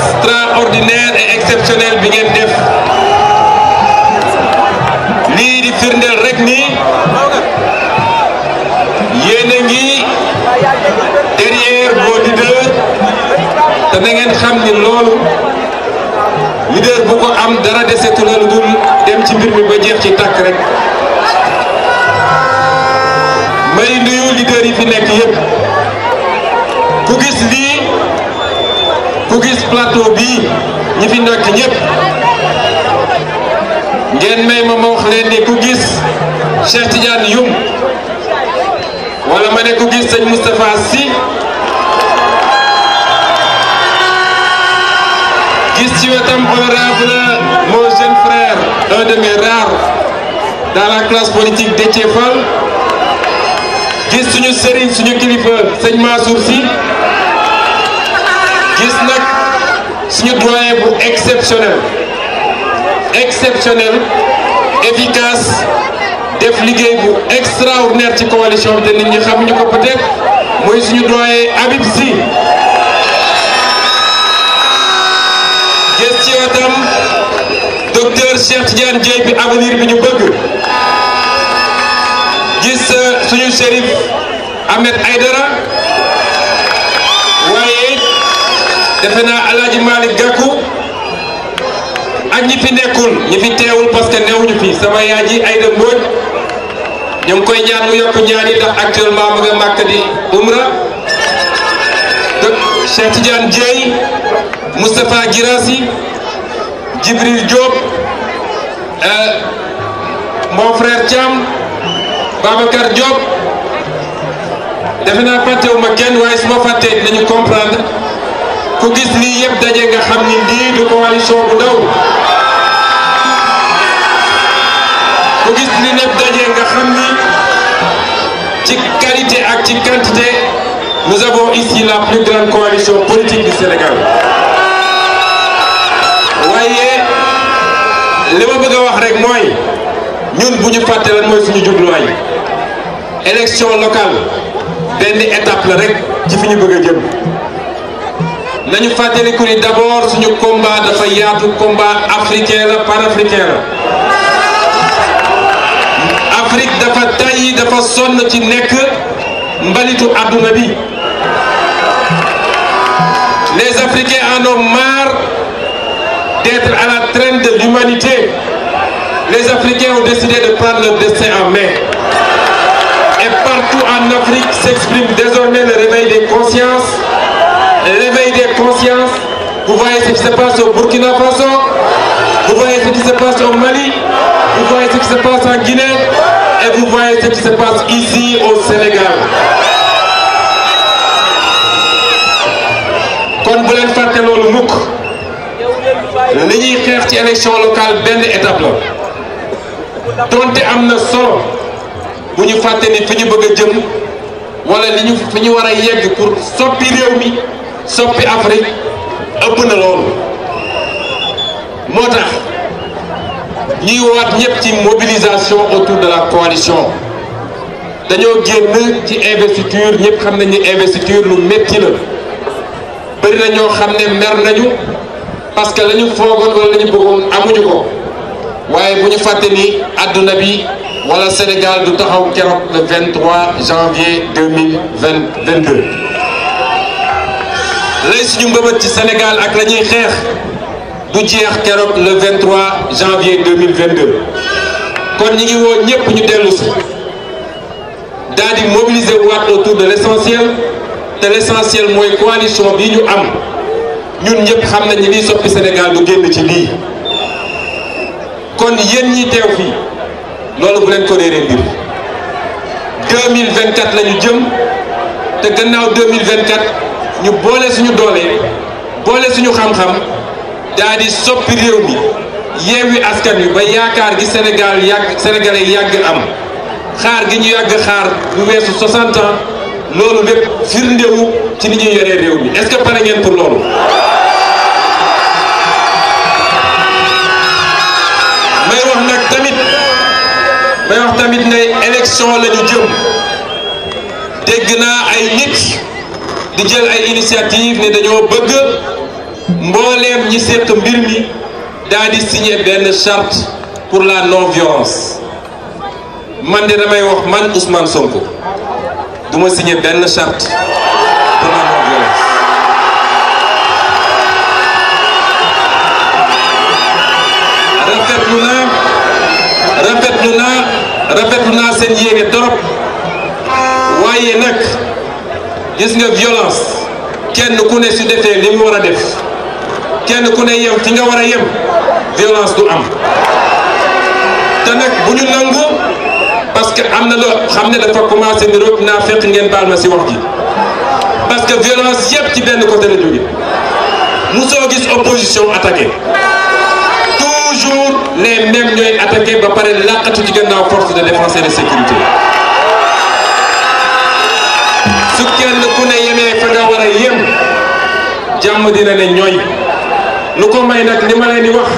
extraordinaire et exceptionnel bi ngeen def lii di firndeel rek ni yéen a ngi derrière vos leaders te ngeen xam ni loolu der bu ko am dara desetu la lu dul dem ci mbir mi ba jeex ci tàkk rek. plateau bii ñi fi nekk ñëpp ngeen may ma ma wax leen ni ku gis Cheikh Tidiane Youm wala ma ne ku gis sëñ Moustapha Sy gis ci wetam honorable mon jeune frère un de mes rares la classe politique Déthié Fall gis suñu sëriñ suñu kilifa sëñ Mansour Sy gis nag suñu doyen bu exceptionnel exceptionnel efficace def liggéey bu extraordinaire ci coalition bi te nit ñi xamuñu ko peut-être suñu doyen Habib Sy gis ci wetam docteur Cheikh Tidiane Dièye bi avenir bi ñu bëgg gis euh, suñu shérif Ahmed Aïdara defe naa alaaji Malick Gakou ak ñi fi nekkul ñi fi teewul parce que newuñu fi sama yaay ji Aïda Mbodj ñu ngi koy ñaan mu yokk ñaan yi ndax actuellement mu nga màkk di umra Cheikh Tidiane Dieye Moustapha Guirassi Djibril Diop euh, mon frère Thiam Babacar Diop defe naa fàttewuma kenn waaye su ma fàttee dinañu comprendre ku gis lii yëpp daje nga xam ni lii du coalition bu ndaw ku gis lii yëpp daje nga xam ni ci qualité ak ci quantité nous avons ici la plus grande coalition politique du Sénégal waaye li ma bëgg a wax rek mooy ñun bu ñu fàtte lan mooy suñu jubluwaay élection locale benn étape la rek ci fi ñu bëgg a jëm. nañu fàttaliku ni d'abord suñu combat dafa yaatu combat africain la panafricain la Afrique dafa tàyyi dafa sonn ci nekk mbalitu àdduna bi les Africains en ont marre d'être à la traîne de l'humanité les Africains ont décidé de prendre leur destin en main et partout en Afrique s'exprime désormais le réveil des consciences l'éveil des consciences. Vous voyez ce qui se passe au Burkina Faso. Vous voyez ce qui se passe au Mali. Vous voyez ce qui se passe en Guinée. Et vous voyez passe ici au Sénégal. kon bu leen fàtte loolu mukk li ñuy xeex ci élection locale benn étape la donte am na solo bu ñu fàtte ni fi ñu bëgg a jëm wala li ñu fi ñu war a yegg pour soppi réew mi. soppi Afrique ëpp na loolu moo tax ñuy waat ñëpp ci mobilisation autour de la coalition dañoo génn ci investiture ñëpp xam nañu investiture lu métti la bëri na ñoo xam ne mer nañu parce que la ñu foogoon wala la ñu bëggoon amuñu ko waaye bu ñu fàtte ni àdduna bi wala Sénégal du taxaw keroog le 23 janvier 2022 lay suñu mbëbët ci Sénégal ak la ñuy xeex du jeex keroog le 23 janvier 2022 kon ñi ngi woo ñëpp ñu dellu si daal di mobiliser waat autour de l' essentiel te l' essentiel mooy coalition bi ñu am ñun ñëpp xam nañ ni liy soppi Sénégal du génn ci lii kon yéen ñi teew fii loolu bu leen ko réeree mbir 2024 la ñu jëm te gannaaw 2024. ñu boole suñu doole boole suñu xam-xam daa di soppi réew mi yeewi askan wi ba yaakaar gi Sénégal yàgg sénégalais yàgg am xaar gi ñu yàgg xaar lu weesu 60 ans loolu lépp firndewu ci ni ñuy yoree réew mi est-ce que pare ngeen pour loolu. may wax nag tamit may wax tamit ne élection la ñu jëm dégg naa ay nit. di jël ay initiative ne dañoo bëgg mbooleem ñi seq mbir mi daal di signé benn charte pour la non man de damay wax man Ousmane Sonko du ma benn charte pour la non seen yéege torop waaye nag. gis nga violence kenn ku ne su li mu war a def kenn ku ne yem fi nga war a yem violence du am te nag bu ñu nangu parce que am na loo xam ne dafa commencé niroog naa fekk ngeen baal ma si wax ji parce que violence yëpp ci benn côté la jóge musoo gis opposition attaqué toujours les mêmes ñooy attaqué ba pare làqatu ci gannaaw force de défense et de sécurité su kenn ku ne yemee fa nga war a yem jàmm dina ne ñooy lu ko may nag li ma leen di wax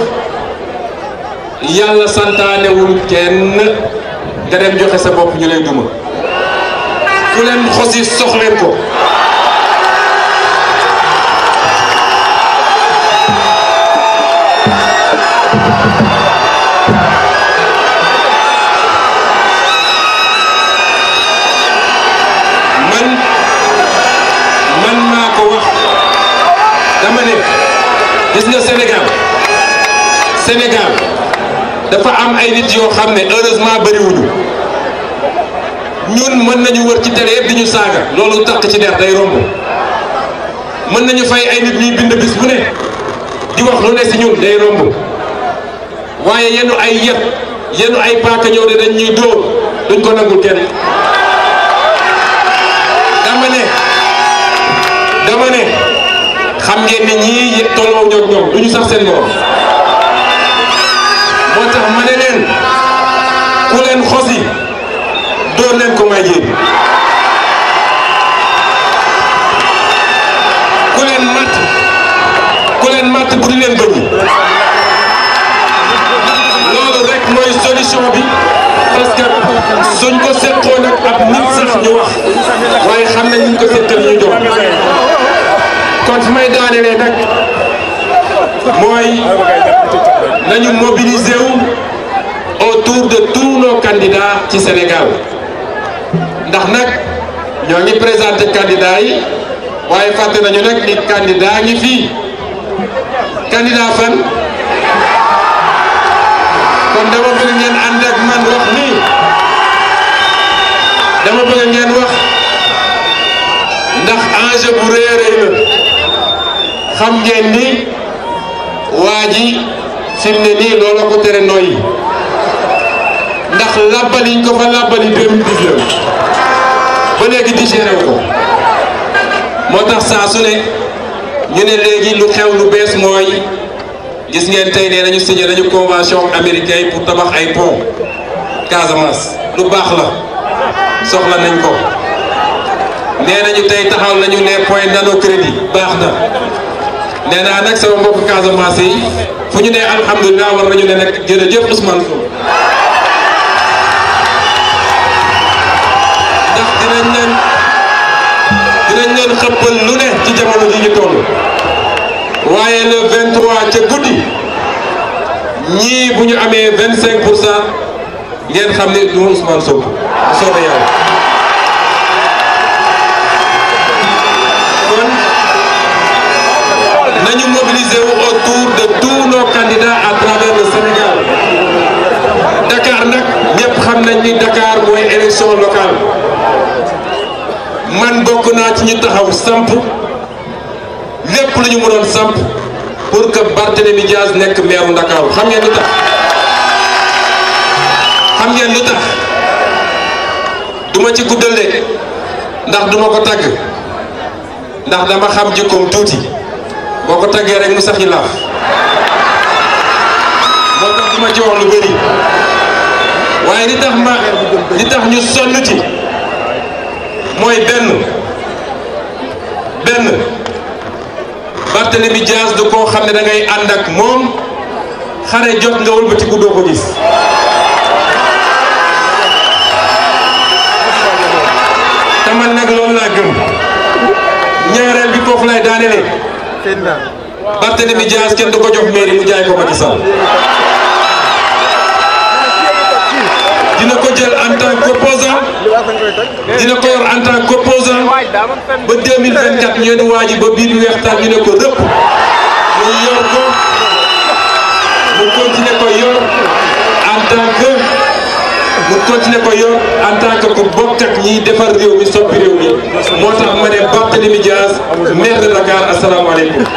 yàlla santaanewul kenn nga dem joxe sa bopp ñu lay duma ku leen xosi soxleen ko Sénégal Sénégal dafa am ay nit yoo xam ne heureusement bëriwuñu ñun mën nañu wër ci télé yëpp di ñu saaga loolu takk ci der day romb mën nañu fay ay nit ñuy bind bis bu ne di wax lu ne si ñun day romb waaye yenn ay yet yenu ay paaka ñëw de dañ ñuy dóor duñ ko nangul kenn dama ne dama ne xam ngeen ni ñii yëpp tolloo ñoom ñoom du ñu sax seen morom moo tax ma leen ku leen xosi dóor leen ko may jéem jotee nag nañu mobiliser autour de tous nos ci Sénégal ndax nag ñoo ngi présenté candidats yi waaye fàtte nañu nag ni candidat ngi fii candidat fan kon dama bëgg ngeen ànd ak man wax nii dama bëgg ngeen wax ndax enjeu bu rëy a rëy xam ngeen ni waa ji fi ne nii loola ko tere noyyi ndax làbbaliñ ko fa làbbali 2019 ba léegi digéré wu ko moo tax saa su ne ñu ne léegi lu xew lu bees mooy gis ngeen tey nee nañu signé nañu convention américaine pour tabax ay pont Casamance lu baax la soxla nañ ko nee nañu tey taxaw nañu les points nano crédit baax na nee naa nag sama mbokk Casamance yi fu ñu nee alhamdulilah war nañu ne nag jërëjëf Ousmane Sonko ndax dinañ leen dinañ leen xëppal lu ne ci jamono ji ñu toll waaye le 23 ca guddi ñii bu ñu amee 25 pour cent ngeen xam ne du Ousmane Sonko soobee nañu mobiliser wu de tous nos candidats Sénégal Dakar nag ñëpp xam nañ ni Dakar mooy élection locale man bokk naa ci ñu taxaw samp lépp lu ñu mënoon samp pour que Barthélémy Diaz nekk maire u Dakar xam ngeen lu tax duma ci guddal ndax duma ko tàgg ndax dama xam jikkoom tuuti. boo ko taggee rek mu sax yi laaf moo tax duma ci lu bëri waaye li tax ma li tax ñu sonn mooy benn benn bi Dias du koo xam ne dangay ngay ànd ak moom xare jot nga wëlbatiku doo ko gis te man nag loolu laa gëm ñaareel bi foofu lay daanelee Barthélémy Dias kenn du ko jox mairie mu jaay ko Macky Sall dina ko jël en tant qu'opposant dina ko yor en tant qu'opposant ba 2024 ñeen waaji ba biir weextaan ñu ne ko rëpp muy yor continuer ko yor en tant que ku bokk ak ñiy defar réew mi soppi réew mi moo tax ma ne Barthélémy Dias maire de Dakar asalaamaaleykum